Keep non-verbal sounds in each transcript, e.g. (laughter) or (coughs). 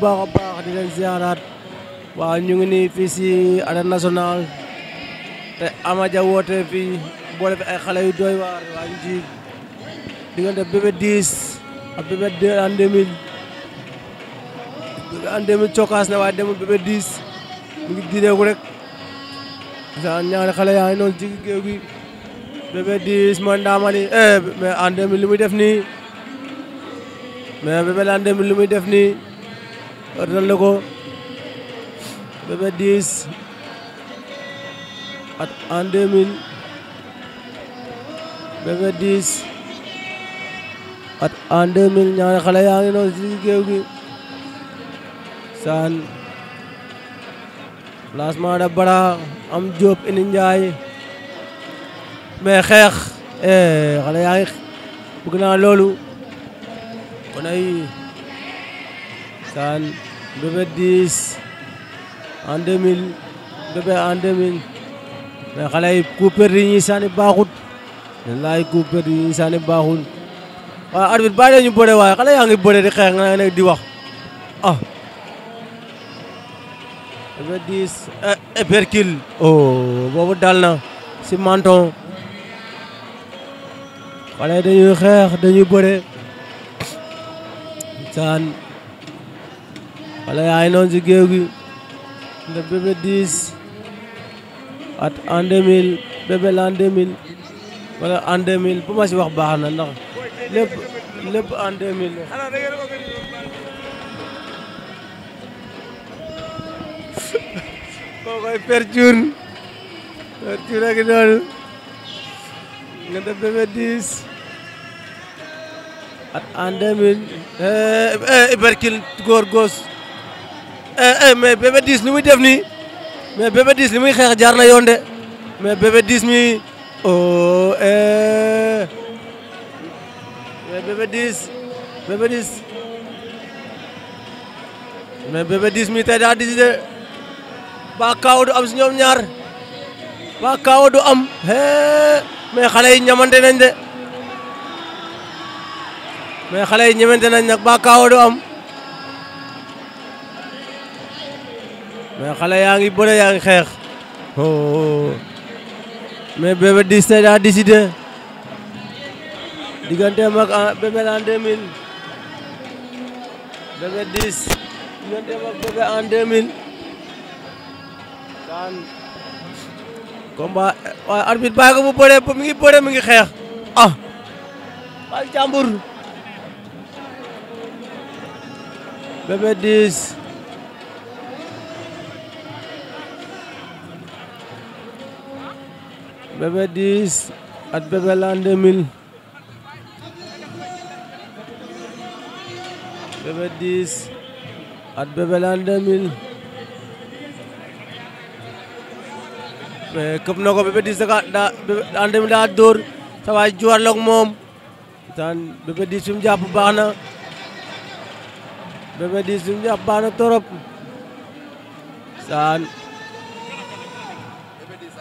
baax a baax di leen ziaraat waaw ñu ngi nii fii si arène nationale te Ama Dia woote fii boole fi ay xale yu doy waar waa ñu ci diggante bébé 10 ak bébé 2 en na waa dem bébé 10 mu ngi direeku rek sa ñaari xale yaa ngi noonu ci géew gi bébé 10 mooy ndaamali eh mais en muy def nii mais bébé en 2000 li muy def nii ërtal na ko Bébé Diis at en 2000 Bébé Diis at en 2000 ñaari xale yaa ngi noonu ci géew gi saan placement de bras am Jóob indi Njaay mais xeex eh, xale yaa ngi bëgg naa loolu kon ay Saan Bébé 10 en 2000 Bébé en 2000 mais xale yi coup perdu ñuy sànni baaxut wallaay coup perdu ñuy baaxul waaye arbitre bàyyi leen ñu bëre waaye xale yaa ngi bëre di xeex nga nekk di wax ah Bébé 10 épercule oh boobu dal na si menton xale dañuy xeex dañuy bëre saan wala yaa ngi noonu ci géew gi nga bébé 10 at en 2000 bébé l'an 2000 wala en 2000 bu ma ci wax baax na ndax lépp lépp en 2000 kookoy (laughs) per cuun per cuun ak noonu nga def bébé 10 at en 2000 eh eh Iberkil góor Eh, eh, mais Bébé Diis li muy def nii mais Bébé Diis li muy xeex jaar na yoon de mais Bébé Diis mi oh eh. mais Bébé Diis Bébé Diis mais Bébé Diis mi tey daa disi de ba kaaw du am si ñoom ñaar ba kaaw du am mais xale yi ñamante nañ de mais xale yi ñamante nañ nag baa kaaw du am mais xale yaa ngi bëre yaa ngi xeex oh, oh, oh. mais Bébé Diis tey daa décidé digganteem ak Bébé l'an 2000 Bébé Diis digganteem ak Bébé en 2000 daan combat waaye arbitre bàyyi ko mi ngi bëre mi ngi xeex ah bal jàmbur Bébé Diis Bébé 10 ak Bébé L'an 2000 Bébé 10 ak Bébé L'an 2000 mais këpp da ka da L'an 2000 daa dóor moom tan Bébé 10 fi mu jàpp baax na Bébé 10 fi torop saan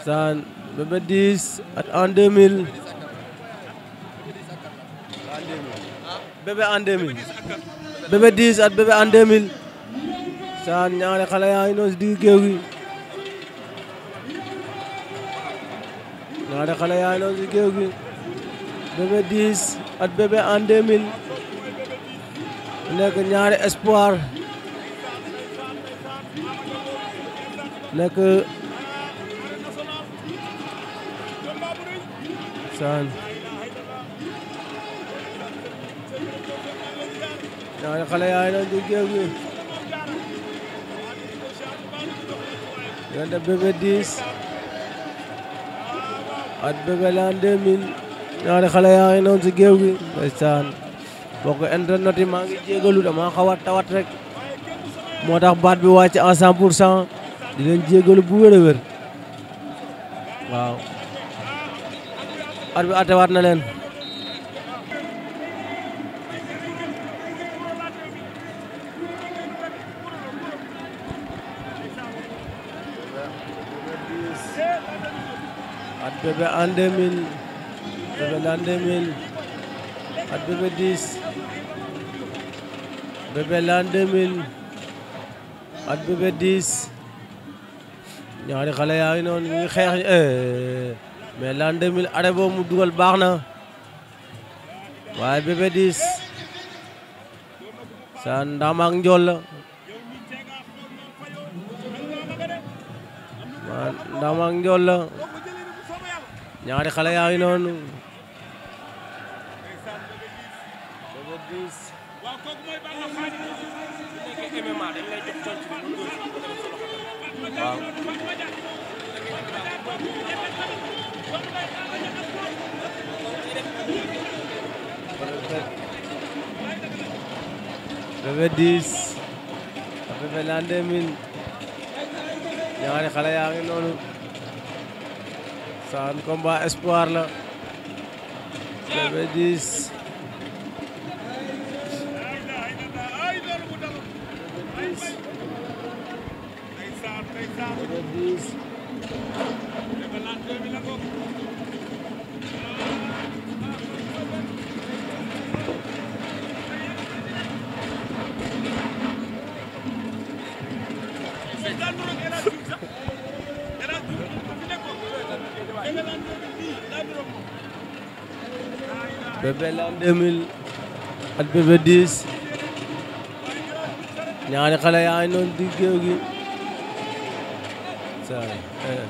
saan Bébé Diis at en 2000 Bébé en 2000 Bébé Diis at Bébé en 2000 saan ñaari gi ñaari xale yaa ngi noonu si géew gi Bébé Diis at Bébé en 2000 nekk ñaari espoir nekk ndeysaan ñaari xale yaay na du géew gi diggante Bébé Diis at Bébé Lan 2000 ñaari xale yaa ngi noonu si géew gi ndeysaan bokk internet yi maa ngi jégalu dama xaw a tawat moo tax baat bi wàcc à 100 pour di leen jégalu bu wér waaw ar bi atewaat na leen at bébé en 2000 bébé at bébé 10 bébé l'an at bébé 10 ñaari xale yaa ngi noonu ñu ngi xeex eh, mais l'an 2000 arrêt dugal baax na waaye Bébé Diis sa ndaam njool la ndaam ak njool xale yaa ngi noonu ça fait dix ça fait vingt deux mille ñaari xale yaa ngi noonu saan combat espoir la ça fait 2000 ak Bébé 10 ñaari xale yaa ngi noonu di géew eh,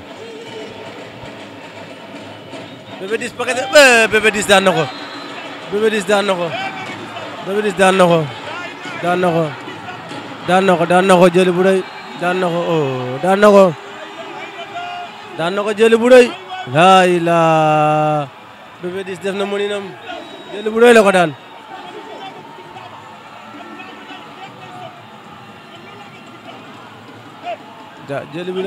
daan na ko Bébé 10 daan na ko Bébé 10 daan na ko daan na ko daan na ko daan ko jëli bu rëy daan na ko oh, daan na daan na ko jëli laa ilaa Bébé def na mëninam jël bu doy daan. jël bi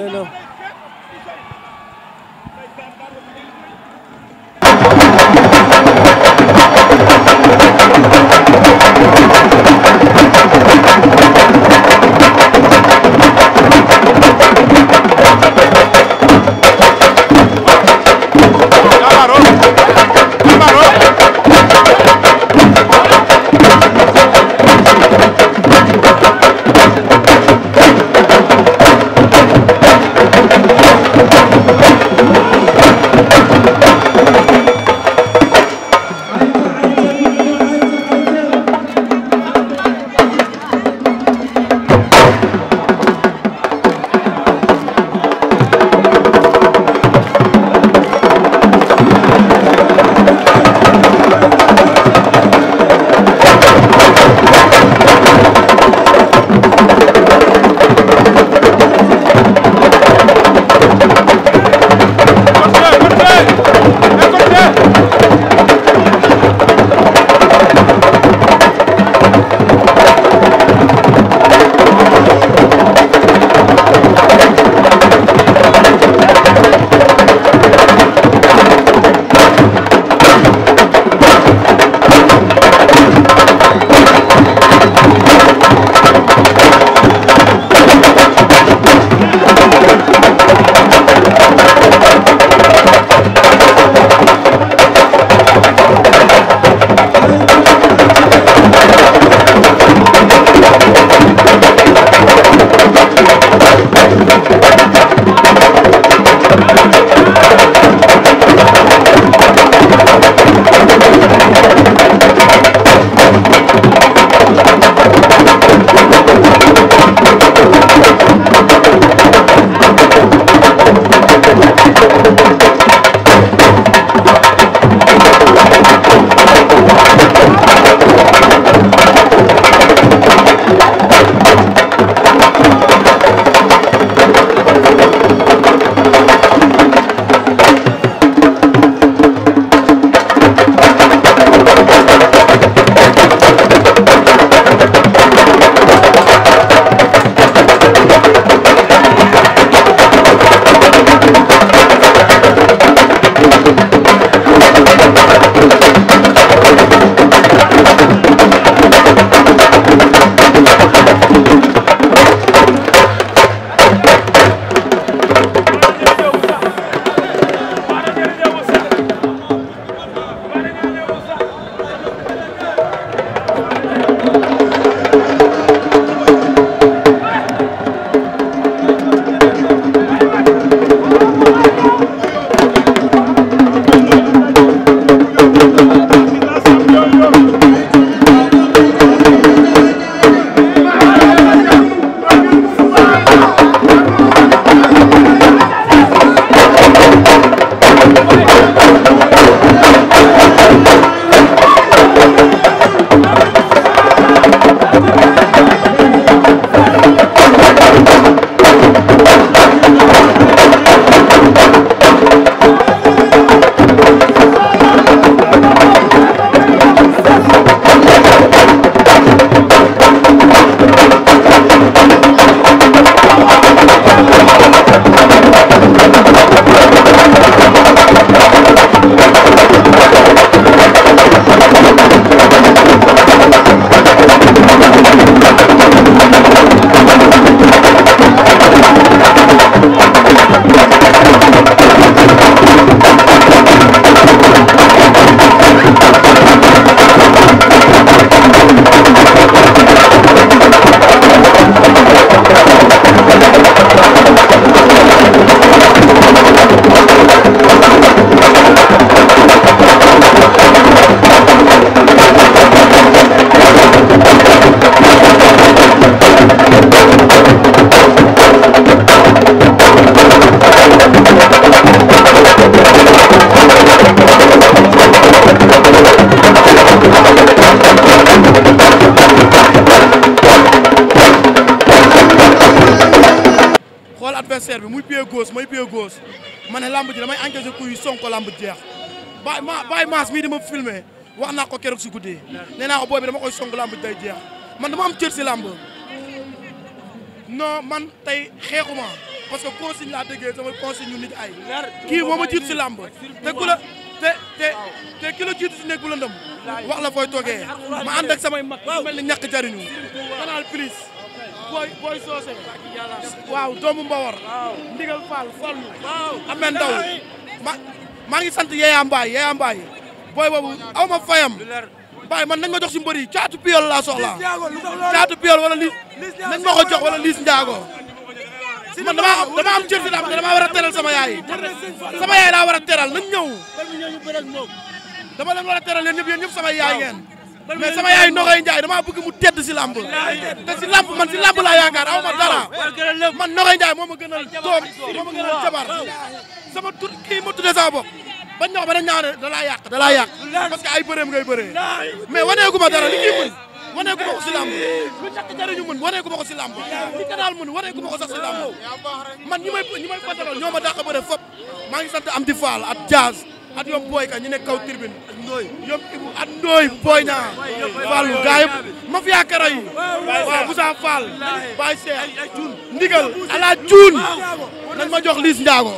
adversaire muy pied gauche may pied gauche ma ne lamb ji damay engagé kuy sonko lamb jeex bay ma bay maas mii dama wax naa ko keroog si guddi ne naa ko booy bi dama koy sonk lamb ji day jeex man dama am cër si lamb non man tey xeexuma parce que laa déggee sama consigne ñu nit ay kii moo ma jiitu si lamb te ku la te te te ki la jiitu si nekk bu lëndëm wax la fooy toogee ma ànd ak samay mag ni ñàkk jariñu booy booy soose. waaw doomu Mbawar. ndigal Fall Fallu. am na ndaw ma maa ngi sant Yaya Mbaye Yaya Mbaye booy boobu aw ma fayam. waaye man nañ ma jox si mbër yi caatu piyol laa soxla caatu piyol wala liis nañ ma ko jox wala liis njaago man dama dama am cër si daam dama war a teral sama yaay sama yaay laa war a teral nañ ñëw dama leen war a teral yéen ñëpp yéen ñëpp sama yaay mais sama yaay Ndoxoy Ndiaye damaa bëgg mu tedd si lamb te si lamb man si a laa yaakaar aw ma dara man Ndoxoy Ndiaye moo ma gënal doom moo ma gënal jabar sama tur kii ma tuddee sama bopp bañ ñox ba dañ ñaa ne da laa yàq da laa yàq parce que ay bëreem ngay bëree mais waneegu ma dara li kii mën waneegu ma ko si ma ko si lamb li kanaal mën waneegu ma ko sax si man ñi may ñi may pasaral ñoo ma dàq fop maa ngi sant am di faal a jazz at yom booy ka ñu nekk kaw tribune yom ibu at ndooy booy ñaa fallu gaa yëpp ma fi yaakara yi waaw Moussa Fall Baye Cheikh ndigal ala cuun nañ ma jox liis njaago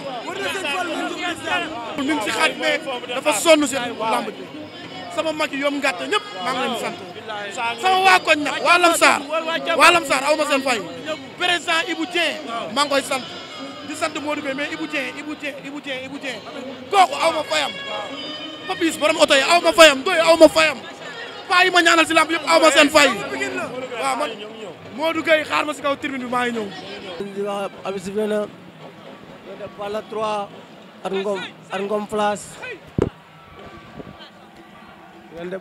mi ngi si xat mais dafa sonn si lamb ji sama mag yom ngàtte ñëpp maa ngi leen sant sama waa koñ nag waa Lamsar waa Lamsar aw ma seen fay président Ibou Dieng maa ngi koy di sant Modou Gueye mais Ibou Dieng Ibou Dieng Ibou kooku aw ma fayam Papis borom oto yi aw fayam doy aw fayam fay waaw man Modou ma si kaw tribune bi maa ngi ñëw di wax abi si fe na de Balla ngom at ngom place ngeen de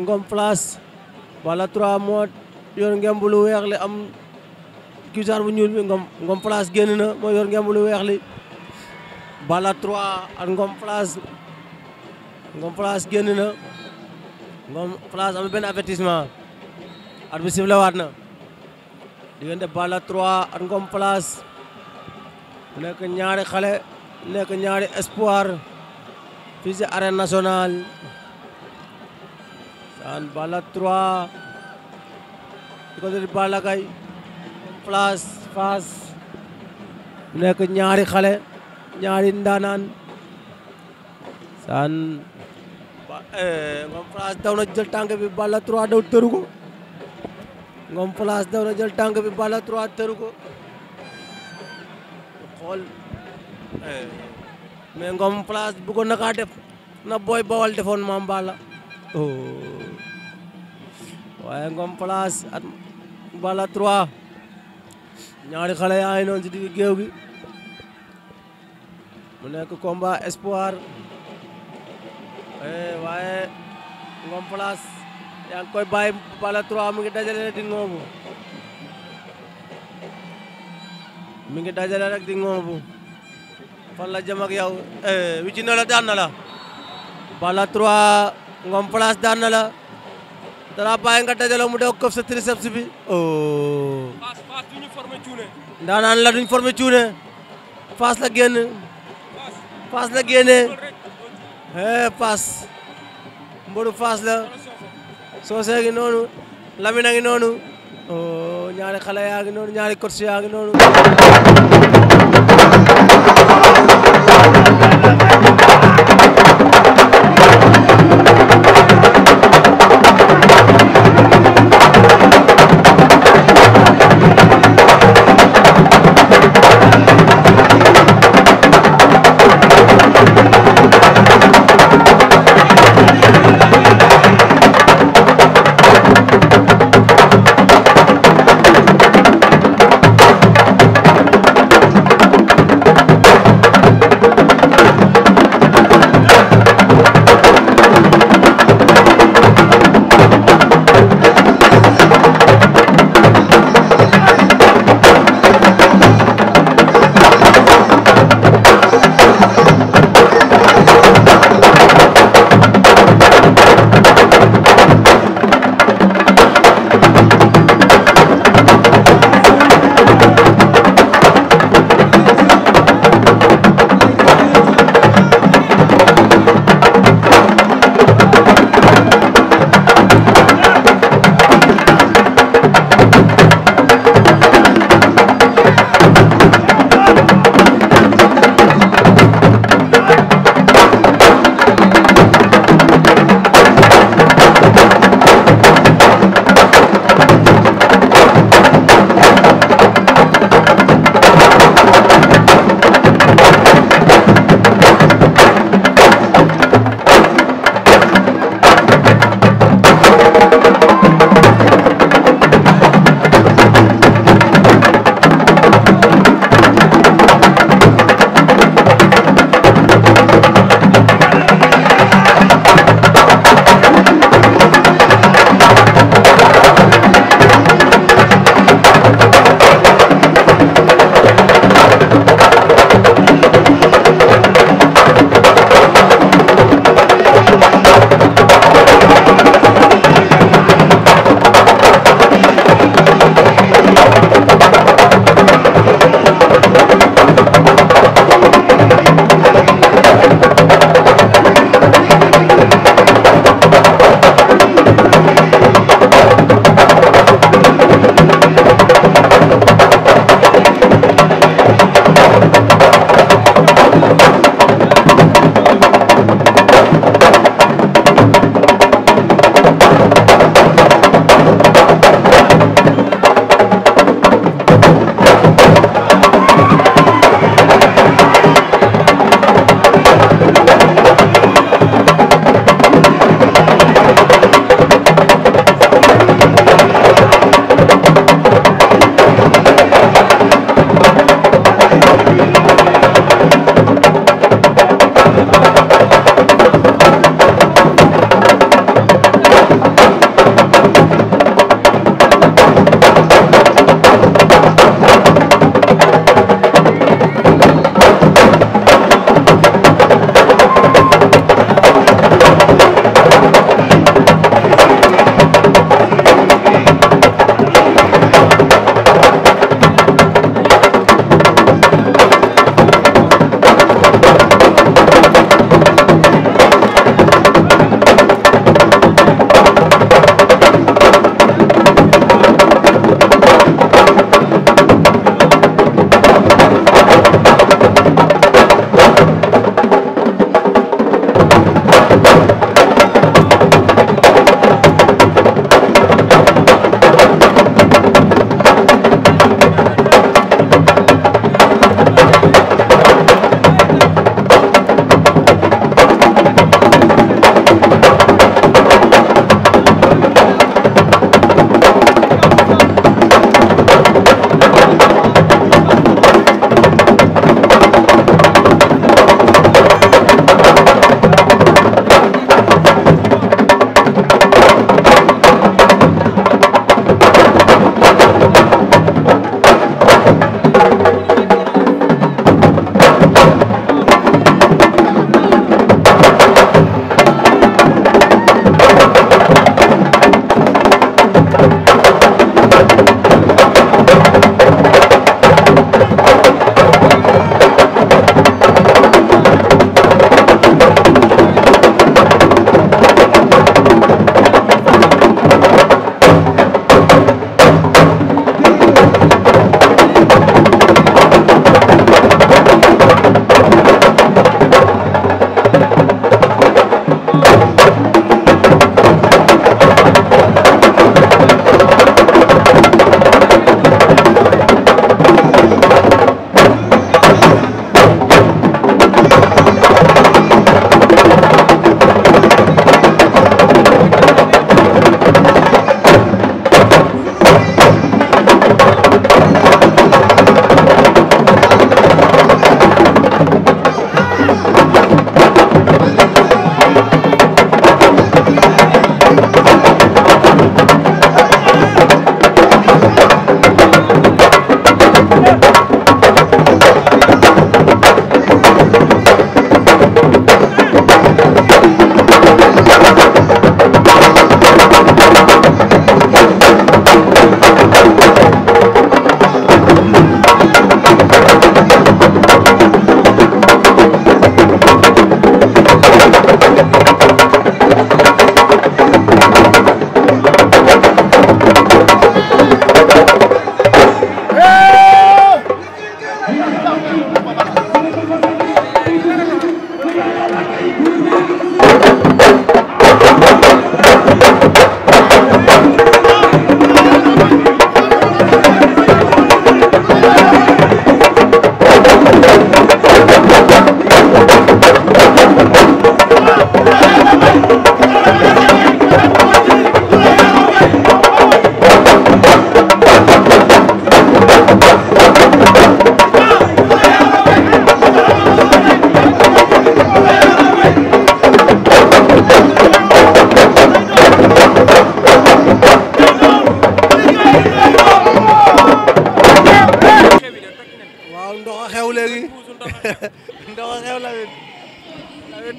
ngom place Balla 3 at yor ngemb lu weex li am kisaar bu ñuul bi ngom ngom place génn na moo yor ngemb lu weex li bala 3 ak ngom place ngom place génn na ngom place am benn avertissement at bi sifle waat na diggante bala 3 ak ngom place mu nekk ñaari xale nekk ñaari espoir fii si arène nationale saan bala 3 di ko def Balla nekk ñaari xale ñaari ndaanaan saan eh, ngom Flash daw na jël tànk bi Balla 3 daw tëru ko ngom Flash jël tànk bi Balla 3 tëru ko xool eh, mais ngom Flash bu ko naka def na booy bawal defoon maam Balla oh. waaye ngom Flash Balla 3 ñaari xale yaa ngi noonu ci digg géew gi mu nekk combat espoir eh, waaye Ngom Place yaa ngi koy bàyyi mu ngi dajale rek di ngoobu mi ngi dajale rek di ngoobu fan la jëm ak yow eh, wicci na la daan na la Balla 3 daan na dara bàyyi nga dajale mu dee këf sa triceps bi oh. Fass Fass du ñu formé cuune. la duñ formé cuune Fass la génn Fass la génnee eh Fass mboolu Fass la soose gi noonu Lamine a noonu oh ñaari xale yaa noonu ñaari coach yaa ngi noonu.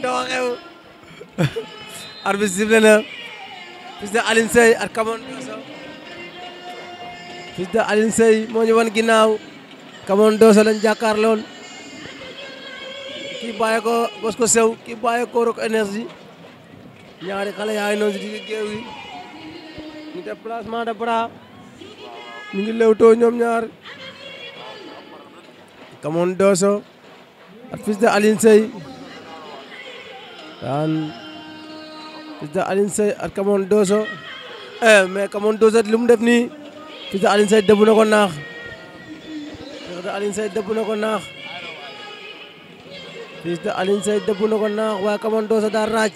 doo xew arbitre sifflé na fils de Alioune Seye ak Kamon Doso de Alioune moo ñu wan ginnaaw Kamon Doso lañ jàkkaar lool kii bàyyi ko Bosco Sew kii bàyyi ko Rock ñaari xale yaay noonu si digg géew yi ñu def placement de bras ñu ngi lewtoo ñoom ñaar Kamon Doso ak fils de Alioune an président Alioune Seye at kamoon dooso eh mais kamoon dooso li mu def nii président Alioune Seye dëbb na ko naax président Alioune Seye dëbb na ko naax président Alioune Seye na ko naax waaye kamoon dooso daa raaj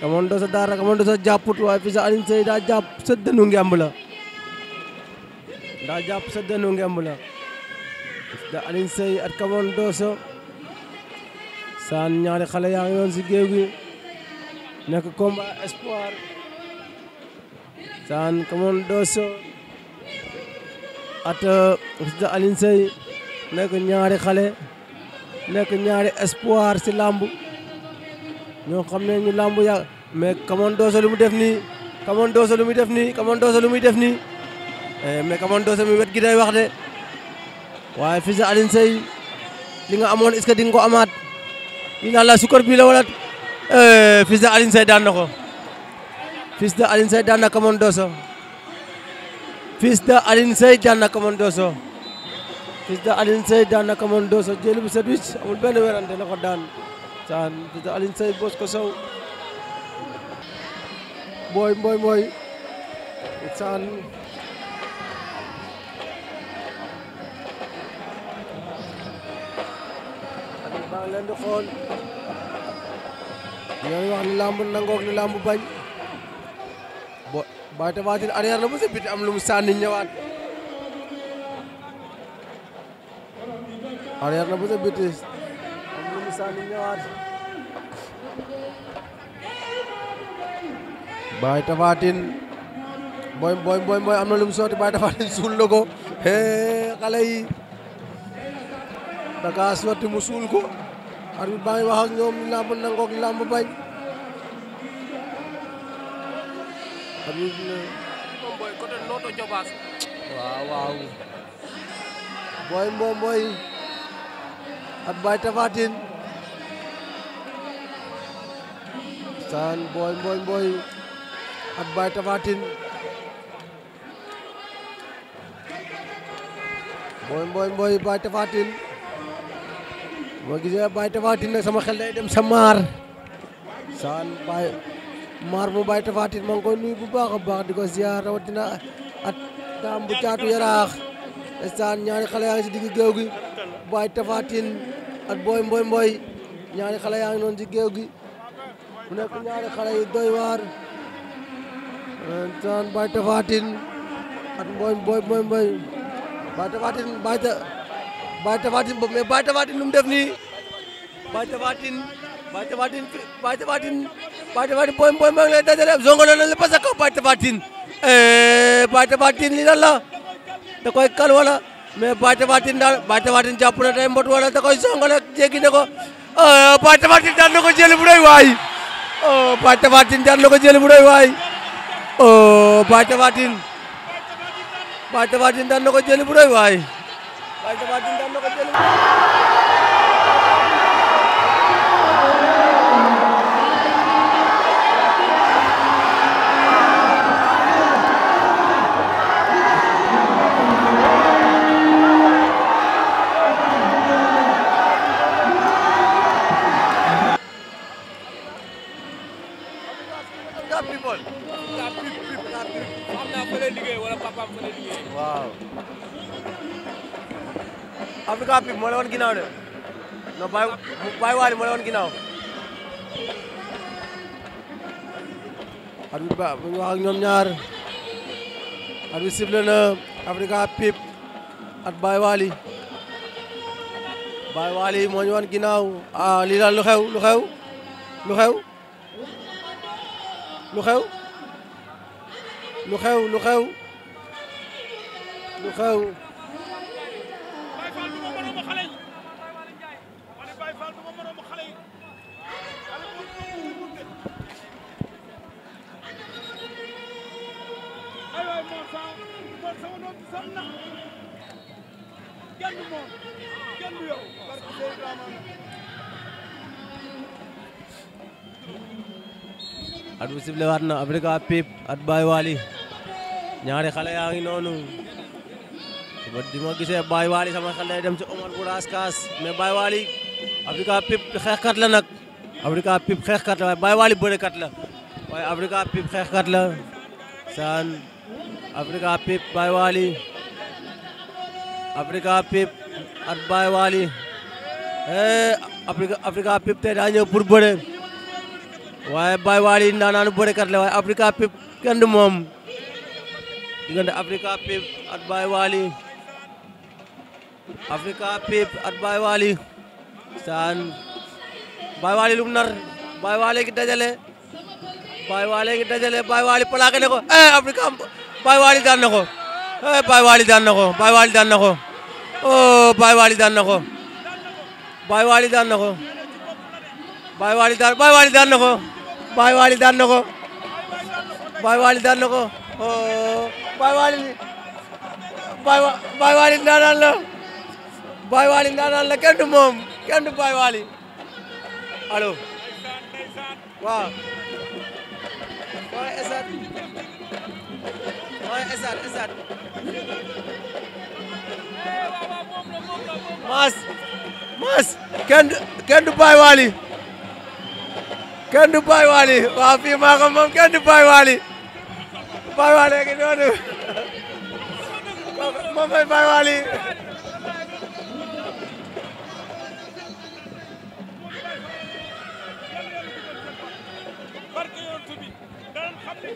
kamoon dooso daa raaj kamoon dooso jàpput waaye président Alioune Seye daa jàpp sa dënnu ngemb la daa jàpp sa dënnu ngemb la président at kamoon dooso saan ñaari xale yaa ngi si géew gi nekk combat espoir saan kamoon dooso at uh, Fils de Alioune nekk ñaari xale nekk ñaari espoir si làmb ñoo xam ne ñu làmb ya mais kamoon dooso lu mu def nii kamoon dooso lu muy def nii kamoon dooso lu muy def nii eh, mais kamoon dooso mi wet gi day wax de waaye Fils de Alioune li nga amoon est-ce ko amaat incha allah sukar bi la wala eh, fils de Alioune Seye daan na ko daan na Kaman Doso fils de daan na Kaman Doso fils de Alioune Seye daan na Kaman Doso jël bu sandwich amul benn werante la daan saan fils de Alioune Seye boos ko sow boy saan maa ngi leen di xool ñooy wax li làmb nangoog bañ bo Baye Tapha Tine na ba sa biti am lu mu sànni ñëwaat arrière na ba sa biti am lu mu sànni ñëwaat Baye Tapha Tine boy boy am na lu mu sotti Baye suul na ko xale yi da kaa mu suul ko arbitre baa ngi wax ak ñoom làmb nangoog làmb ne mbooy côté Notto Diobass waaw waaw saan booy mbooy mbooy ak Baye Tapha Tine booy mbooy mbooy Baye ma gisee a baay Tine nag sama xel day dem sa maar saan Baye maar bu Baye Tapha Tine ma ngi bu baax a baax di ko ziar rawatina at taam bu caatu yaraax saan ñaari xale yaa ngi si digg géew gi Baye Tapha Tine at booy mboy ñaari xale yaa ngi noonu si géew gi mu nekk ñaari xale doy waar saan Baye Tapha Tine at mboy mboy mboy mboy Baye Tapha Baye Tafatine boobu mais Baye Tafatine lu mu def nii Baye Tafatine Baye Tafatine Baye Tafatine Baye Tafatine booy booy maa ngi lay dajale eh, koy kal wala mais Baye Tafatine daal Baye Tafatine mbot wala da koy zongale jéggi na ko eh, ko jëli bu doy waay oh, Baye Tafatine bu doy waay oh, Baye Tafatine Baye Tafatine daan na bu doy waay. waaye Tapha Tine daan na ko jël cas Pip moo la woon ginnaaw de non Baye moo la woon ginnaaw. arbitre ba ñaar arbitre ak Baye Waly Baye moo ñu woon ginnaaw ah lii daal at bu sible waat na Africa Pip at Baye Waly ñaari xale yaa ngi noonu ba di ma gisee Baye Waly sama xel day dem ci Omar bu Raskas mais Baye Waly Africa Pip xeexkat la nag Africa Pip xeexkat la waaye Baye Waly bërekat la waaye Africa Pip xeexkat la saan Africa Pip by Wally Africa Pip at by Wally eh Africa Pip tey daa ñëw pour bëre waaye Baye Wally ndaanaanu bërekat la waaye Africa Pip kenn du moom diggante Africa Pip at Baye Wally Africa Pip at Baye Wally saan Baye Wally lum nar Baye Wally ngi dajale Baye Wally ngi dajale Baye Wally plaqué ne ko eh Africa Baye Waly daan na ko Baye Waly daan na ko Baye Waly daan na ko oh Baye Waly daan na ko Baye Waly daan na ko Baye Waly daan Baye Waly daan na ko Baye Waly daan na ko Baye Waly daan na ko oh Baye Waly Baye Waly ndaanaan la Baye Waly ndaanaan la kenn du moom kenn du Baye Waly allo waaw esat esat maas maas kenn kenn du bàyyi waali kenn du bàyyi waali waaw fii maa ko moom kenn du bàyyi waali bàyyi waali ngi noonu moom mooy bàyyi waali barke yoon tubi daan xam ne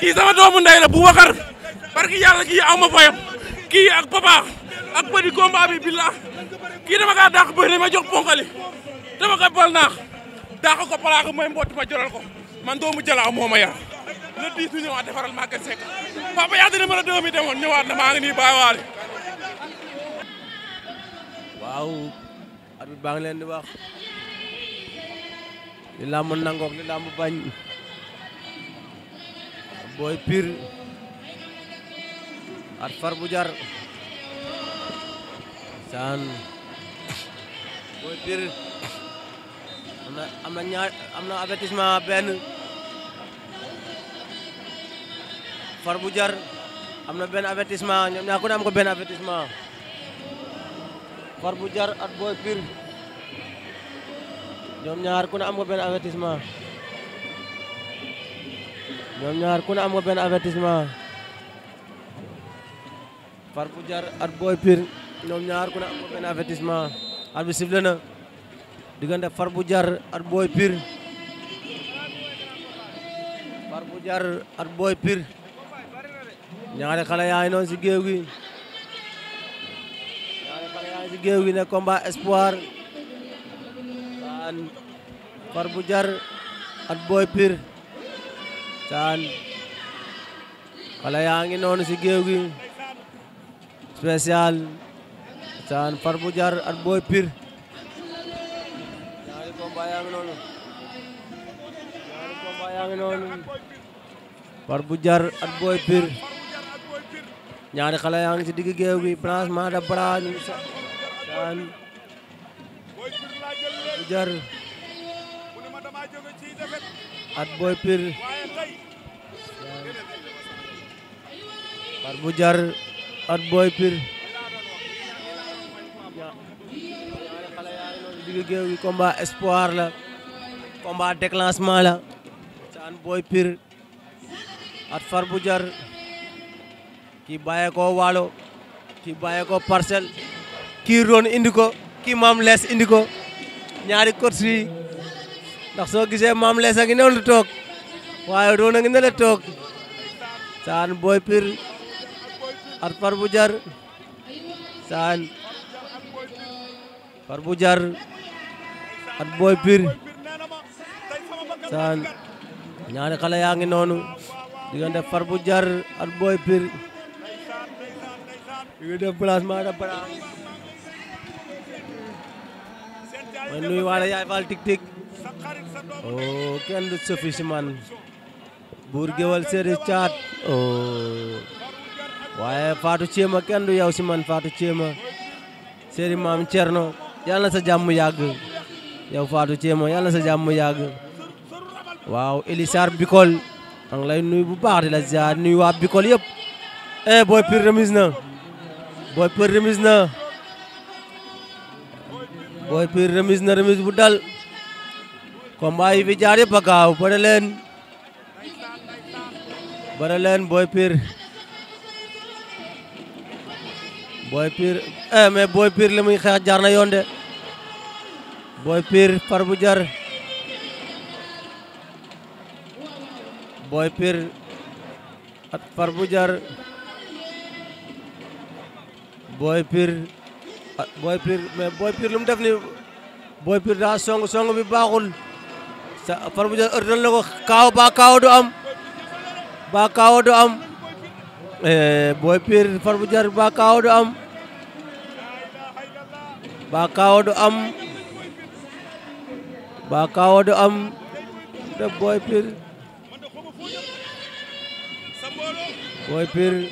kii sama doomu ndey la Boubacar barki yàlla kii aw ma fayam kii ak papa ak bëri combat bi kii dama kaa dàq bëri ma jox ponkali dama koy bol daax ko palaaka mooy mbooti ma joral ko man doomu jalaaw moo ma yar le 10 ñu defaral Maguette Seck papa yaa dina mën a doom yi demoon ñëwaat na maa ngi nii bàyyi waale waaw arbitre leen di wax li làmb nangook li làmb bañ booy piir at far bu jar saan booy piir am na am na ñaar am na avertissement benn far bu jar am na benn avertissement ñoom ñaar ku ne am ko benn avertissement far bu jar ak booy pir ñoom ñaar ku ne am ko benn avertissement ñoom ñaar ku ne am ko benn avertissement far bu jar ak booy pir ñoom ñaar ku ne am ko benn avertissement arbitre bi sifflé na diggante Farbu Jar ak Boy Pire Farbu Jar ak Boy Pire ñaari xale yaa ngi noonu si géew gi ñaari xale yaa ngi si géew gi ne combat espoir saan Farbu Jar ak Boy Pire saan xale yaa ngi noonu si géew gi spécial saan Farbu Jar ak Boy Pire Far bu jar ak Boy Pire ñaari xale yaa ngi ci digg gi placement de bras ñu ngi saan bu jar ak Far bu jar ak Boy Pire digg géew bi combat espoir la komba déclenchement la caan booy pir at far bu jar kii bàyyee ko waalo ki bàyyee ko parcelle kii roon indi ko kii maam lees indi ko ñaari coach yi ndax soo gisee maam lees a ngi ne woon toog waaye roon a ngi ne la toog saan booy pir at far bu jar saan far at booy pir saan ñaari xale yaa ngi noonu diggante far bu jar at booy pir ñu ngi def placement de bras ma nuyu waale yaay faal tik tik oh kenn du sofi si man buur géwal séeri caat oh waaye faatu ceema kenn du yow si man faatu ceema séeri maam cerno yàlla na sa jàmm yàgg yow Fatou Thiemo yàlla na sa jàmm yàgg waaw Elisar Bikol maa lay nuyu bu baax di la ziar nuyu waa Bikol yëpp eh Boy Pire remise na Boy Pire remise na Boy bu dal combat yi fi jaar yëpp a gaaw bëri leen bëri leen Boy Pire Boy Pire eh mais Boy Pire li muy xeex jaar na yoon de Boy Pire far bu jar Boy Pire at far bu jar Boy Pire Boy Pire mais Boy Pire lu mu def ni booy Pire daa song song bi baaxul sa far bu jar ërtal na ko kaaw ba kaaw du am ba kaaw du am eh, Boy Pire far bu jar ba kaaw du am ba kaaw du am ɓa kawoɗo am debbo e pir boy pir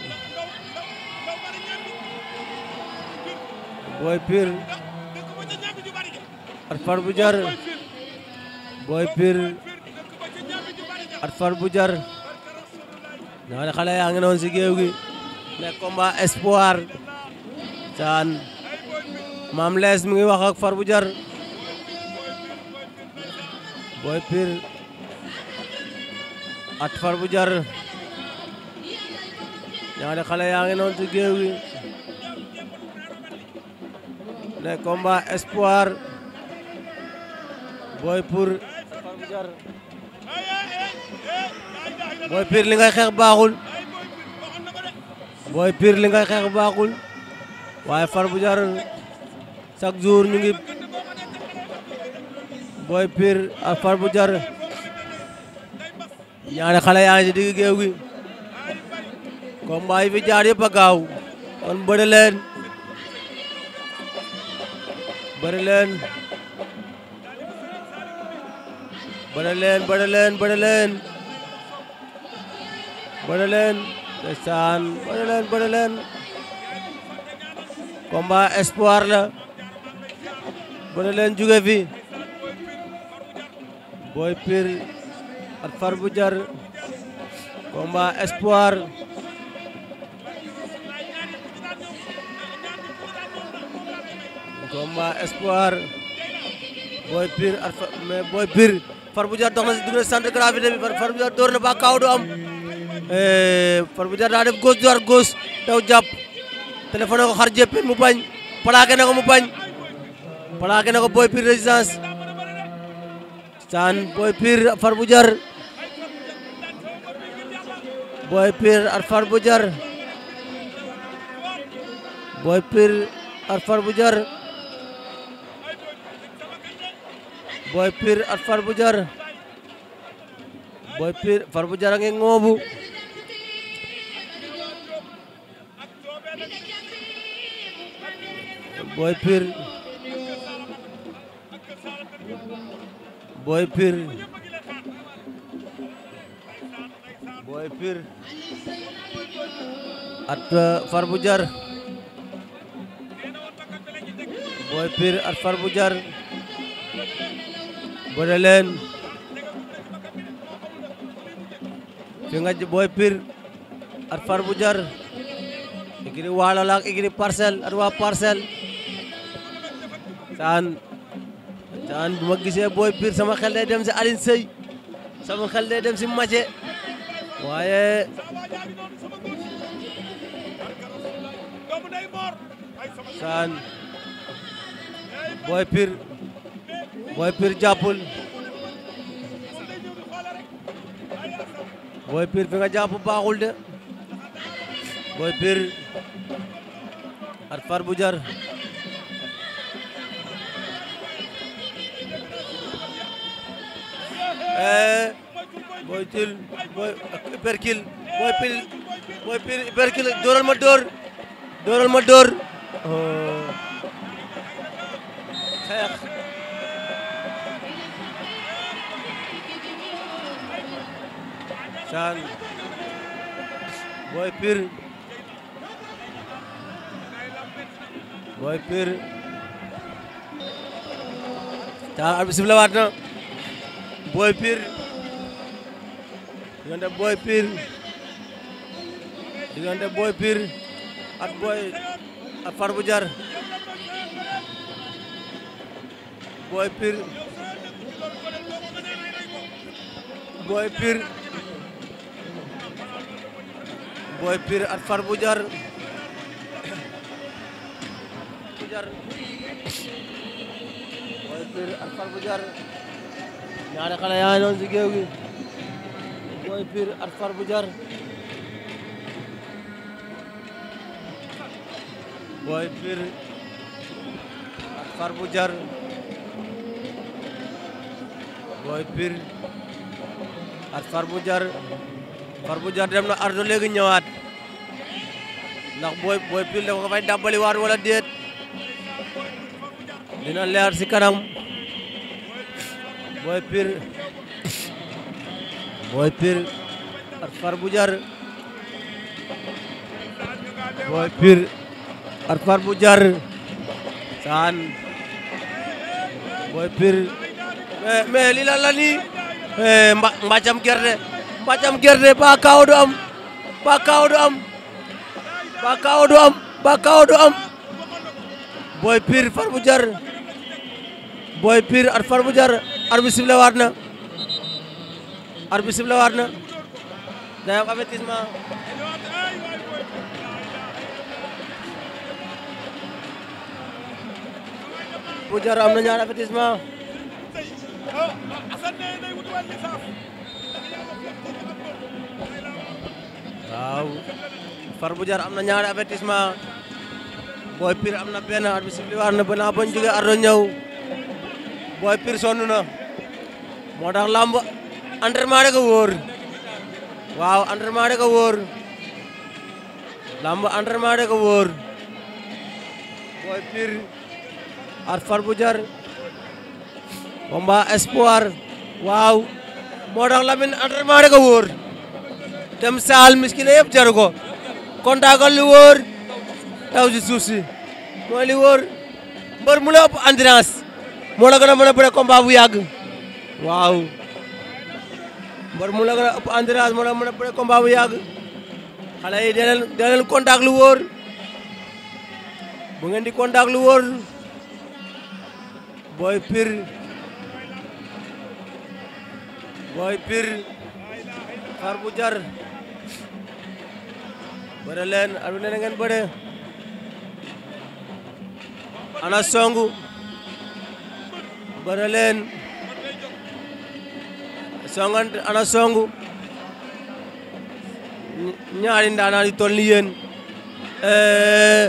at far bu jar boy pir at far bu jar ñaari xale yaa ngi noon si géew gi ne combat espoir saan maam lees mu ngi wax ak far bu jar Boy Pire at far bu jar ñaari xale yaa ngi noonu ci géew gi le combat espoir Boy Pire Boy Pire li ngay xeex baaxul Boy Pire li ngay xeex baaxul waaye far bu jar chaque jour ñu ngi Boy Pire ak Far bu Jar ñaari xale yaa ngi ci digg géew gi combat yi fi jaar yëpp a gaaw kon bëri leen bëri leen bëri leen bëri leen bëri leen bëri leen espoir la bëri leen fi Boy Pire ak Farbou Diar combat espoir combat espoir Boy Pire ak mais Boy Pire Farbou Diar dox na si dugub bi Farbou Diar door na ba kaw du am eh, Farbou Diar daa def gauche door gauche daw jàpp téléphoné ko xar jéppit mu bañ plaqué na ko mu bañ plaqué na ko Boy Pire résistance saan Boy Pire ak Farbu Jar Boy Pire ak Farbu Jar Boy Pire ak Farbu Jar Boy Pire ak Farbu Jar Jar a ngoobu Boy Pire Boy Pire Boy Pire at uh, Farbu Jar Boy Pire at Farbu Jar bode leen fi nga Boy Pire at Farbu Jar igiri Waalo la ak igiri Parcelles at waa Parcelles saan daan bu ma gisee booy biir sama xel day dem si Alioune Seye sama xel day dem si Mathieu waaye saan booy piir booy piir jàppul booy piir fi nga jàpp baaxul de booy piir at far bu jar Eh, booy til booy perkil booy pil booy pil perkil dóoral ma dóor dóoral ma dóor xeex saan booy pir booy pir taa arbitre bi la waat na booy Pire diggante Boy Pire diggante Boy Pire ak Boy ak Farbu Jar Boy Pire Boy bu Boy Pire ak Farbu Jar Boy Pire Jar ñaari xale yaa si géew gi Boy Pire ak Far bu Jar Boy Pire Far bu Jar Boy Pire Far bu Jar Far bu Jar dem na ardo léegi ñëwaat ndax Boy Boy Pire dafa ko fay dàbbali waat wala déet dina leer si kanam Boy Pire Boy Pire ar far bu jar Boy ar far bu jar saan Boy Pire eh, mais li la nii eh, mbacam gerte mbacam gerte ba kaw du am ba kaw du am ba kaw far bu jar Boy ar far bu arbitre sifflé waat na arbitre sifflé na day bu jar am na ñaar avertissement waaw far bu jar am na ñaari avertissement booy pir am na benn arbitre sifflé waat na ba naa bañ jógee ardo ñëw booy Pire sonn na moo tax làmb entraînement rek a wóor waaw entraînement rek a wóor làmb entraînement rek a wóor booy Pire ak Farba Diar combat waaw moo tax Lamine entraînement rek a dem saal miskile yëpp jaru kontaagal li wóor taw si suuf mooy li wóor mbër mu la ëpp moo la mën a bëre combat bu yàgg waaw mbër mu la ëpp endurance moo la mën a bëre combat bu yàgg xale yi dee leen dee lu wóor bu ngeen di contact lu wóor booy pir booy pir xar bu jar bëre leen ar ana songu bëre leen songante ana songu ñaari ndaanaan yu toll ni yéen eh,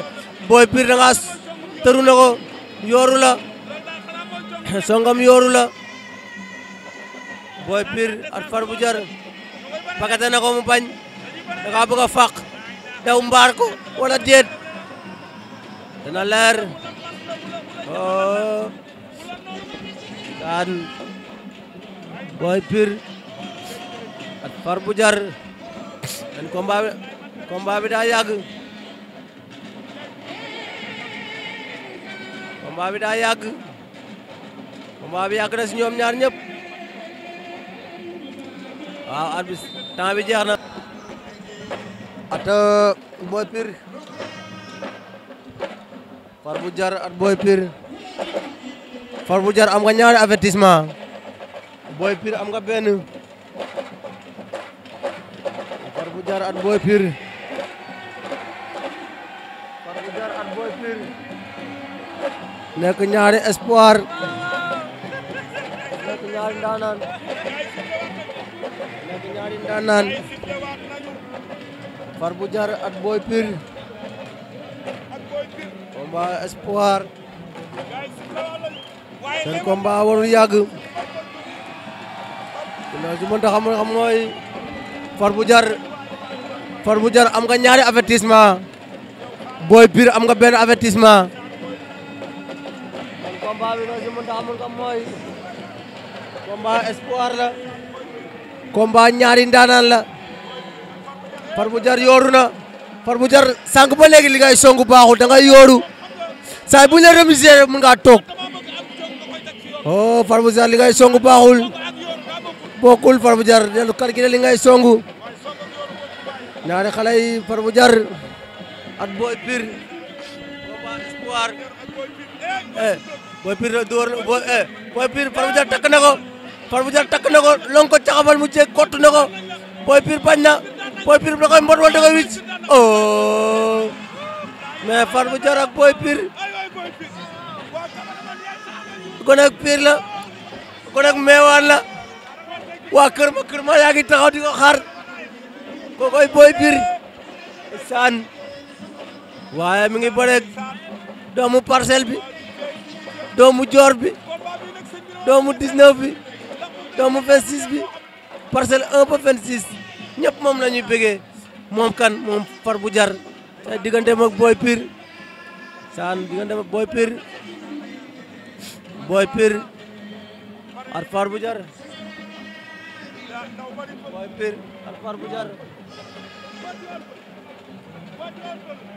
booy piir da ngaa tëru na ko yooru la (coughs) songam yooru la booy piir far bu jar pakete na ko mu bañ da ngaa bëgg a daw mbaar ko wala déet dana leer oh daan boy pir at far bu jar en combat bi daa yàgg combat bi daa yàgg combat bi na si ñoom ñaar ñëpp waaw at bi temps bi jeex na at euh, boy pir far bu jar at boy pir far bu jar am nga ñaari avertissement booy pir am nga benn far bu jar at booy pir far bu ñaari espoir nekk ñaari ndaanaan nekk ñaari ndaanaan far bu jar at booy pir combat espoir seen combat warul yàgg ginnaaw si mënta xam xam mooy far bu jar far jar am nga ñaari avertissement booy pir am nga benn avertissement kon combat bi si mënta xam xam mooy combat espoir la combat ñaari ndaanaan la far bu jar yooru na far bu jar sànq ba léegi li songu baaxul da ngay yooru saa bu ñu la remisé mën ngaa toog oh Farba Diar li ngay songu baaxul bokkul Farba Diar dellu calculer li ngay songu ñaari xale yi Farba Diar ak Boy Pire combat espoir eh Boy Pire eh, takk na ko Farba Diar ko lon ko mu jeeg kott na ko Boy Pire bañ na Boy Pire da koy mbot wala da koy wicc oh ak Boy Pire kon ak Pire la kon nag Meewaan la waa Kër ma Kër ma yaa ngi taxaw di ko xaar kookoy Boy Pire saan waaye mi ngi bëreeg doomu parcelle bi doomu joor bi doomu 19 bi doomu 26 bi parcelle 1 ba 26 ñëpp moom la ñuy bëggee moom kan moom far bu jar te diggante ak Boy Pire saan diggante ak Boy Boy Pire ak Far bu jar Boy Pire ak Far bu jar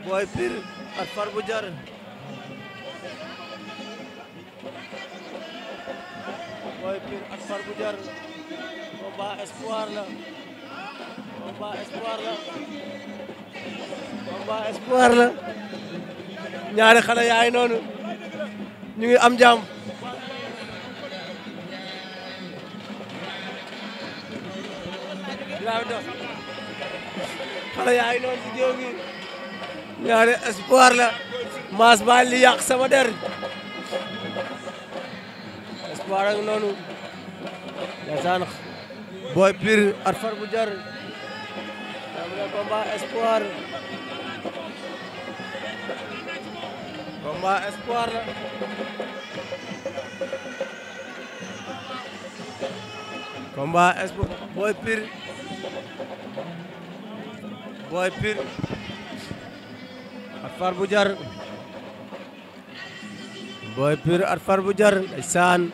Boy Pire ak Far bu jar Boy Pire ak Far bu jar combat espoir la combat espoir la combat espoir la ñaari xale yaay noonu ñu ngi am jàmm daaw dox xale si géew gi ñaari la maas ba li yàq sama der espoir ak noonu ndeysaan booy pir at far bu jar am na combat la combat espoir booy pir Boy Pire at far bu jar Boy Pire at far bu jar ndeysaan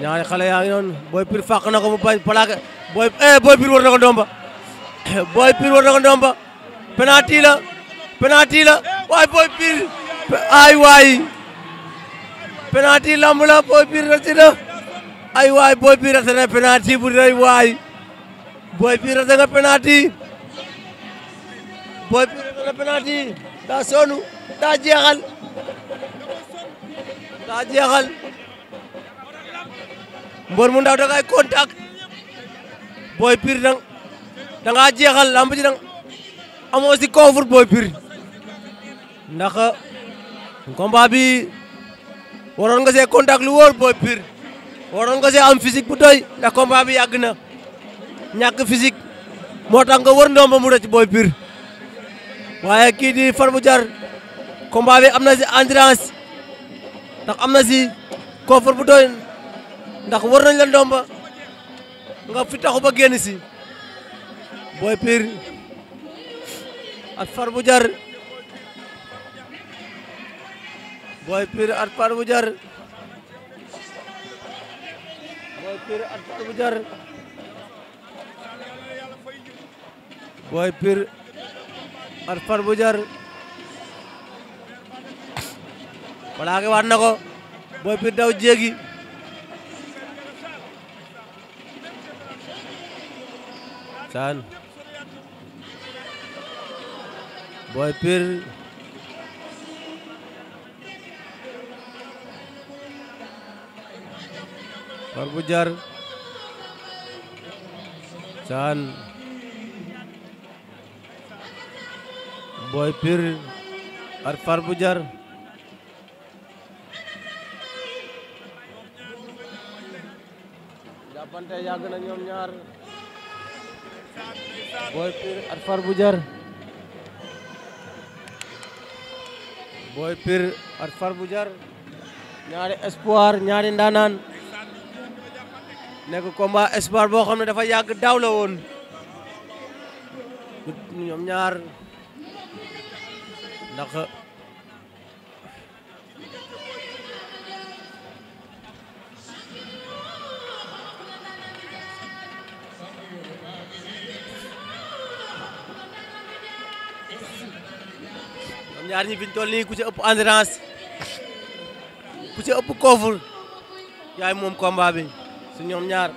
ñaari xale yaa ngi noonu Boy Pire na ko mu bañ plaqué Boy eh war na ko ndomba (coughs) Boy Pire war na ko ndomba penalty la penalty la waay Boy Pire ay waay penalty lamb la Boy Pire rati na ay waay waay Boy Pire rati nga booy pire penalty daa soonu daa jeexal daa jeexal mbor mu ndaw da contact booy pire dang da jeexal lamb ji dang amoo si koofur booy pire ndax combat bi waroon nga see contact lu wóor booy pire waroon nga see am physique bu doy ndax combat bi yàgg na ñàkk moo tax nga wër ndomba mu rëcc booy pire waaye kii di Far Bou Diar combat bi am na si endurance ndax am na si koofar bu doy ndax war nañ la ndomba nga fi taxu ba génn si Boy Pire ak Far Bou jar Boy Pire ak Far Bou Diar Boy Pire ak Far Bou Diar Boy Pire और फरबुजर पढ़ाके वाड़ना को बोई फिर उज्जेगी चाल बोई फिर फरबुजर चाल boy pir ar farbu jar jàppante yàgg ñaar boy pir ar farbu jar boy jar ñaari espoir ñaari ndaanaan nekk combat espoir boo xam ne dafa yàgg daaw la woon ñoom ñaar ndax ñaar ñi fi ñu toll nii ku ci ëpp endurance ku ci ëpp koofur yaay moom combat bi su ñoom ñaar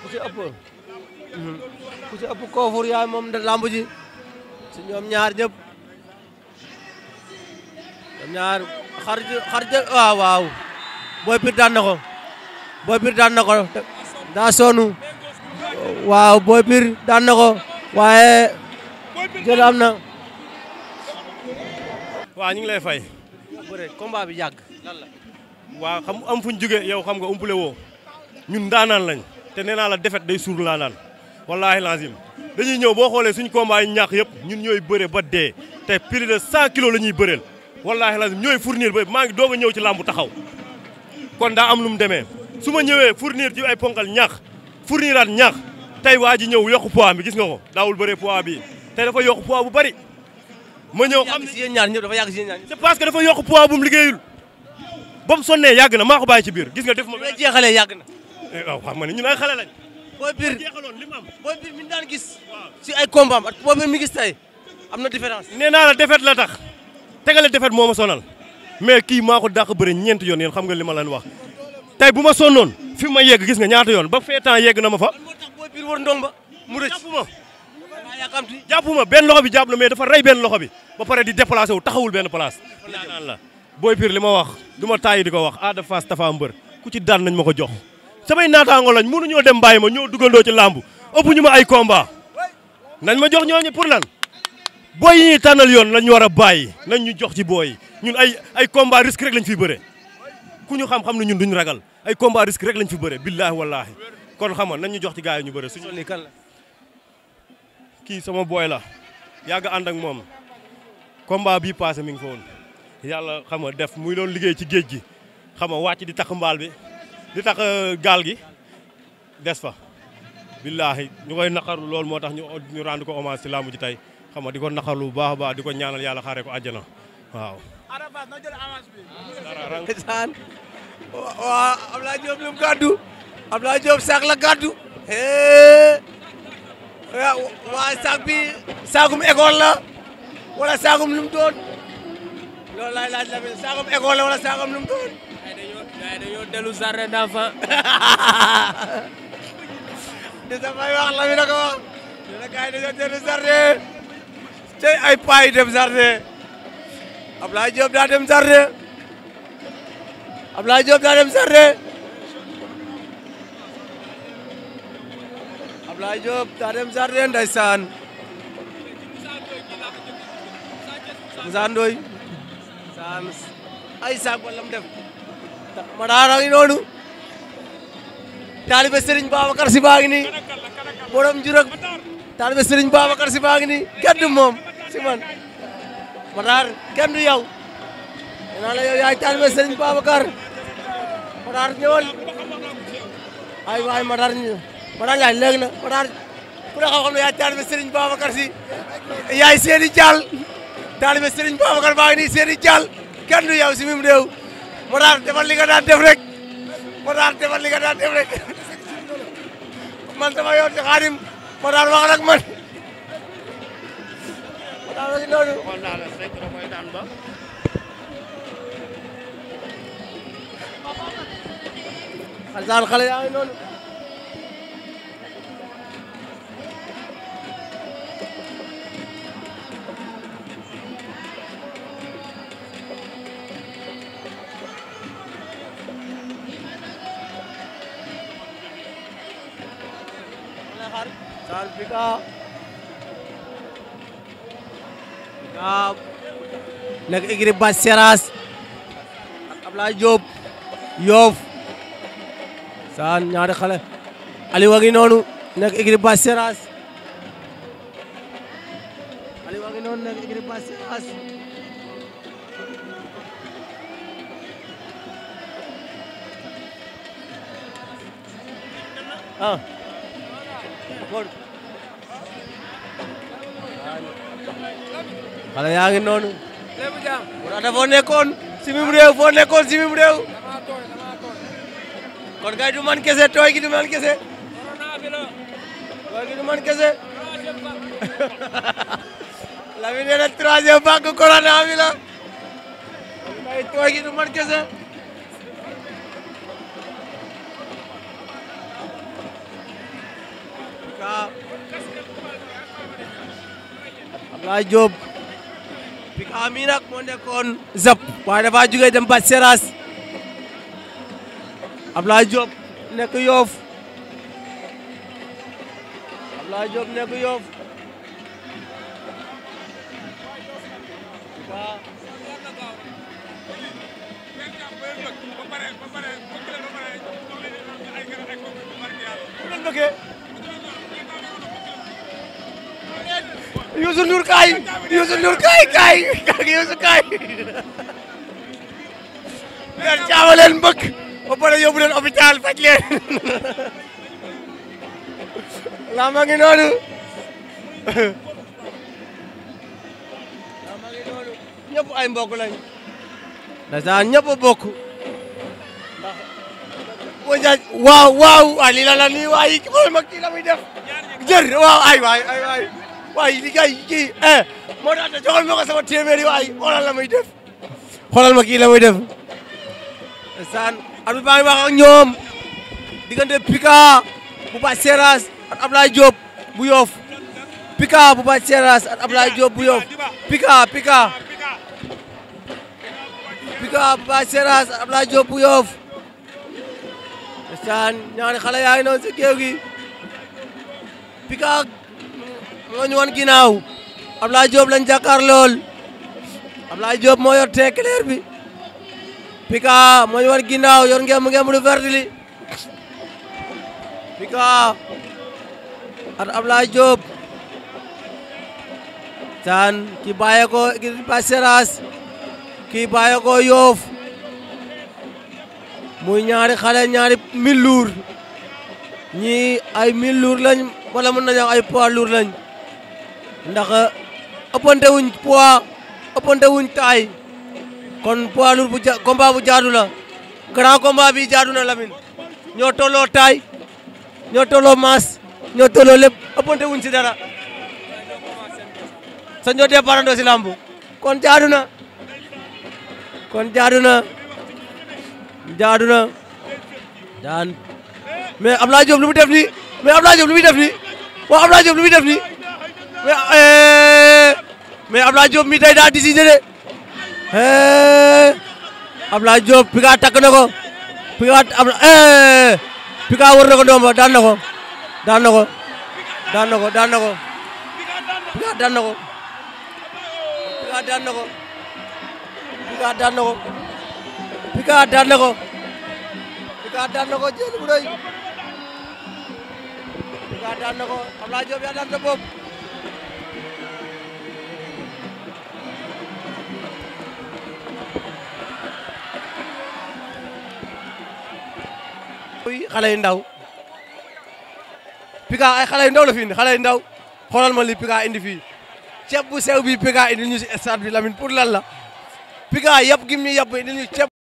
ku ëpp ku ëpp koofur yaay moom da ci ñoom ñaar ñëpp ñoom ñaar xar xar waaw waaw booy pir daan ko booy pir daan ko daa waaw booy pir daan ko waaye jël am na waaw ñu ngi lay fay bëre bi yàgg lan waaw xam am fuñ jóge yow xam nga umpule woo ñun daanaan lañ te nee naa la defet day suur laa naan wallahi lazim dañuy ñëw boo xoolee suñu combat yi ñàkk yëpp ñun ñooy bëre ba dee te plus de 100 kilos la ñuy bëreel wallaahi lazim ñooy fournir ba maa ngi doog a ñëw ci làmb taxaw kon daa am lu mu demee su ma ñëwee fournir ci ay ponkal ñàkk fourniraat ñax tey waa ji ñëw yokku poids bi gis nga ko daawul bëree poids bi tey dafa yokku poids bu bari ma ñëw am si yéen ñaar ñëpp dafa yàgg parce que dafa yokk poids bu mu liggéeyul ba mu sonnee yàgg na maa ko bàyyi ci biir gis nga def ma jeexalee yàgg na eh, waaw xam nga ne ñun ay xale lañ booy biir booy biir mi daan gis. si ay combat ak booy biir mi gis tey am na différence. nee naa la defet la tax tegale defet moo ma sonal mais kii maa ko dàq bëri ñeenti yoon yéen xam nga li ma leen wax tey bu ma sonnoon fi ma yegg gis nga ñaata yoon ba fee temps yegg na ma fa. moo tax booy biir war ndong ba ma. benn loxo bi jàpp la mais dafa rey benn loxo bi ba pare di déplacé wu taxawul benn place. naan la booy biir li ma wax du ma yi di ko wax Ada Fass Tapha Mbeur ku ci daan nañ ma ko jox. samay naataango lañ mënuñoo dem bàyyi ma ñoo dugandoo ci làmb ëpp ñu ma ay combat nañ ma jox ñooñu pour lan booy yi ñuy tànnal yoon lañ war a bàyyi nañ ñu jox ci booy ñun ay ay combat rek lañ fi bëre ku ñu xam-xam ne ñun duñ ragal ay combat risque rek lañ fi bëre billaahi wallaahi kon xam nga nañ ñu jox ci gars yi ñu bëre suñu ni kan la kii sama booy la yàgg ànd ak moom komba bii passé mi ngi fa yàlla xam nga def muy doon liggéey ci géej gi xam nga wàcc di takk mbaal bi di tax euh, gaal gi des fa billaahi ñu koy naqarlu loolu moo tax ñu rendre ko hommage ci làmb ji tey di ko naqarlu bu baax a baax di ko ñaanal yàlla xaaree ko àjjana waaw ndeysaan waaw Abdoulaye Diop lu mu gàddu Abdoulaye Diop la gàddu waaw waaye saak bi saakum école la wala saakum lu mu doon loolu laay laaj la saakum la wala saakum lu mu gars yi dañoo dellu jardin d'enfant. di samay wax la mi na ko wax. dina gars yi dañoo ay paa yi dem jardin. Ablaye Diop daa dem jardin. Ablaye Diop daa dem jardin. Ablaye Diop daa dem jardin ay saako lam def. ma daanoo ngi noonu taalibe Serigne Babacar Sy baa ngi nii borom juróom taalibe Serigne Babacar Sy baa ngi nii kenn du moom si man ma daar kenn du yow dinaa la yow yaay taalibe Serigne Babacar ma daar ñëwal ay waay ma daar ñu ma daar yaay léegi na ma daar ku ne xam-xam ne yaay taalibe Serigne Babacar Sy yaay Seydi Diall taalibe Serigne Babacar baa ngi nii Seydi Diall kenn du yow si mim réew moo tax defal li nga daan def rek moo tax defal li nga daan def rek man ci xaadim moo tax man moo tax rek noonu. xale yaa ngi noonu. Daa daa nekk écurie Bac seraas ak laa Diop Yoff saan ñaari xale Aliou a ngi noonu nekk écurie Bac Seras xale yaa ngi noonu. lépp jàmm. bu rafet foo nekkoon. si mim réew foo nekkoon si mim réew. kon kay du man kese tooy gi du man kese. tooy gi du man kese. la (laughs) mi nee na troisième vague corona bi la. kon kay tooy gi du man kese. waaw. Abdoulaye Diop. Bika mi nag moo nekkoon ZAP waaye dafa jugee dem ba Seras Ablaye Diop nekk Yoff Ablaye Diop nekk Yoff Youssou Ndour kaay Youssou Ndour kaay kaay Youssou kaay. weer caawa leen mbëkk faj leen. lamba ngi noonu. lamba ay mbokk lañ. ndeysaan ñëpp a bokk. ndax. boo jaaj waaw waaw la nii waaye ki ma kii la muy def. ay waay waay li kay kii eh moo tax joxal ma ko sama téeméeri waay xoolal la muy def xoolal ma kii la muy def saan at bi baa ngi wax ak ñoom diggante Pika bu Bac Seras ak Ablaye Diop bu Yoff Pika bu Bac Seras ak Ablaye Diop bu Yoff Pika Pika Pika bu Bac Seras ak Ablaye Diop bu Yoff saan ñaari xale yaa ngi si géew gi moo ñu wan ginnaaw Ablaye Diop lañ jàkkaar lool Ablaye Diop moo yor teekeleer bi Pika moo ñu wan ginnaaw yor ngeen mu ngeen mu lu vert li Pika at Ablaye Diop tan ki bàyyee ko ki Seras ki bàyyee ko Yoof muy ñaari xale ñaari mille lourds ñii ay mille lourds lañ wala mën nañu ay poids lourds lañ ndax euh, ëppante wuñ poids ëppante wuñ taay kon poids lourd bu ja combat bu jaadu la grand combat bi jaadu na Lamine ñoo tolloo taay ñoo tolloo maas ñoo tolloo lépp ëppante wuñ si dara sa ñoo dee parandoo si lambu kon jaadu na kon jaadu na jaadu na daan mais Abdoulaye Diop lu mu def nii mais Abdoulaye Diop lu muy mais eh, mais Abdoulaye Diop mi tey daa décidé de eh, Abdoulaye Diop Pika takk na ko Pika Abdoulaye eh, Pika wër na ko ndomba daan na ko daan na ko daan na ko daan na ko Pika daan na ko Pika daan na ko Pika daan na ko Pika daan na ko Pika daan na ko jël bu daan na ko Abdoulaye yaa daan sa xale yu ndaw Pika ay xale yu ndaw la fi indi xale yu ndaw xoolal ma li Pika indi fii ceeb sew bi Pika indi ñu si stade bi Lamine pour lan la Pika yab gim ñu yab indi ñu ceeb